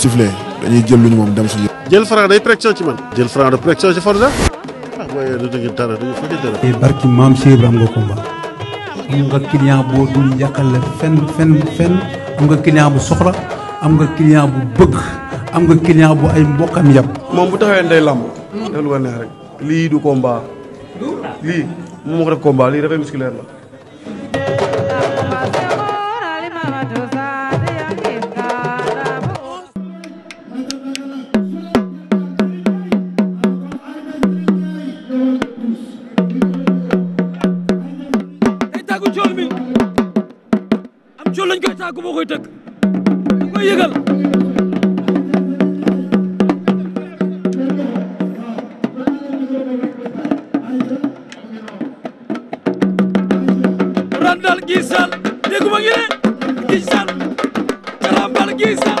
sifflé dañuy jël lu ñu moom dem suñu. jël franc day pression ci man. jël franc de pression ci Forza. Ah. ah mooy lu dëgg dara du fa dara. barki maam Cheikh Ibrahima am nga combat. am nga client boo dul yàqal fenn fenn fenn am nga client bu soxla am nga client bu bëgg am nga client bu ay mbokkam yàpp. moom bu taxawee day làmb. def lu ko rek lii du combat. lii moom moo ko def combat lii dafay musculaire la. réew mi am coow lañ koy tàggu moo koy tëgg ñu koy yëgal randal gisal dégguma ngi ne gisal karambal gisal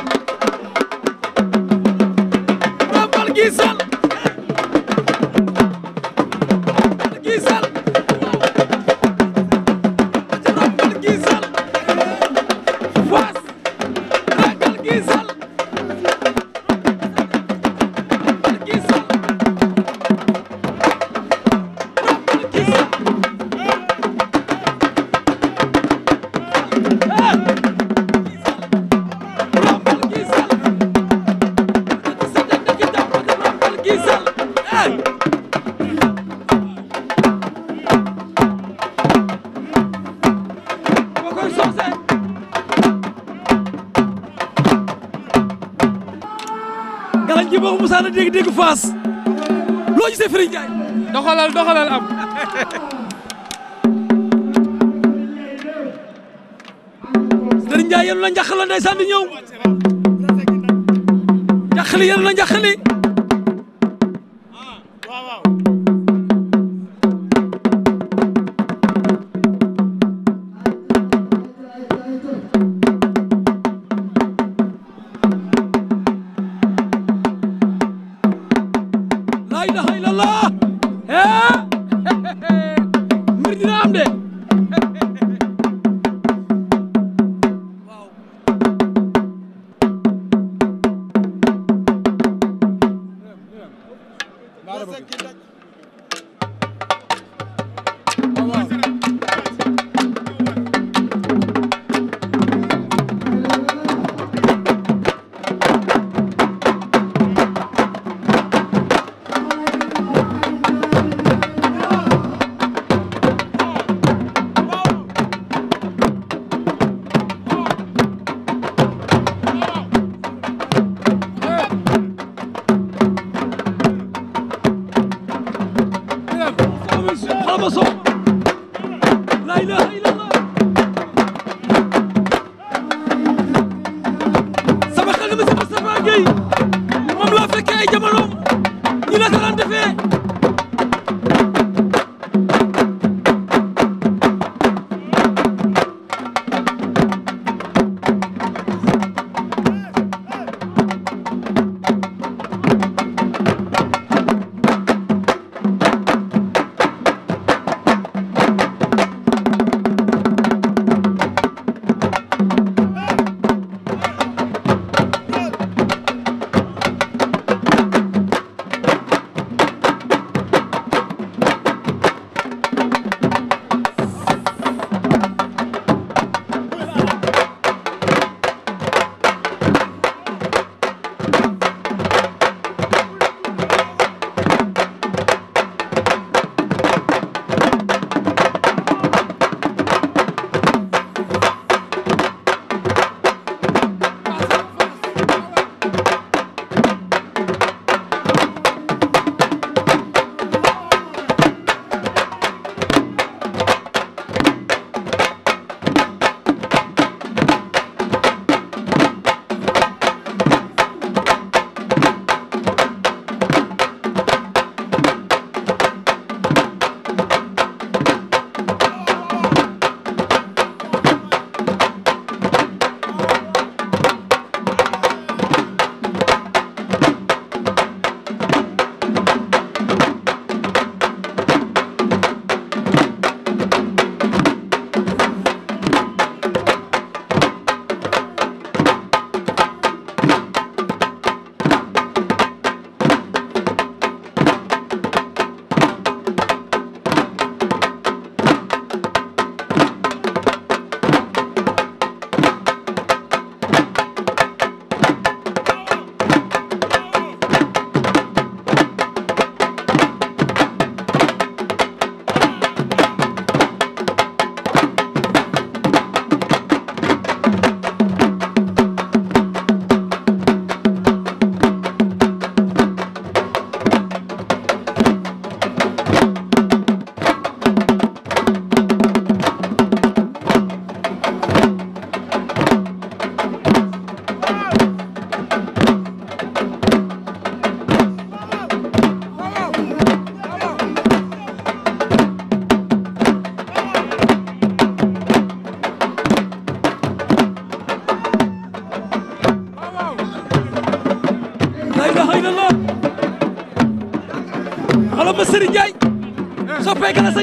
rambal gisal a dégg dégg Fass loo gisee Serigne Ndiaye. doxalal doxalal am. Serigne Ndiaye yéen la njaxal la ndeysaan di ñëw. njaxali yéen la njaxali. Amazon.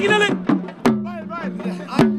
ngi na le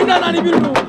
ay ndaanaan yu biir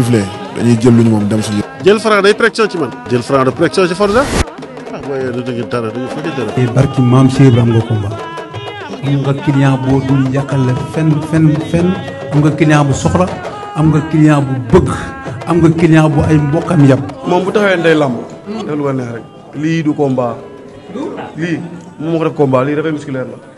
sifflé dañuy jël lu ñu moom dem suñu. jël franc day pression ci man. jël franc de pression ci Forza. ah mooy lu dëgg dara dañu fekk dara. tey barki maam Cheikh Ibrahima nga combat. am nga client boo dul njàqal la fenn fenn fenn am nga client bu soxla am nga client bu bëgg am nga client bu ay mbokkam yàpp. moom bu taxawee day làmb. def lu neex rek lii du combat. lii moom moo ko def combat lii dafay musculaire la.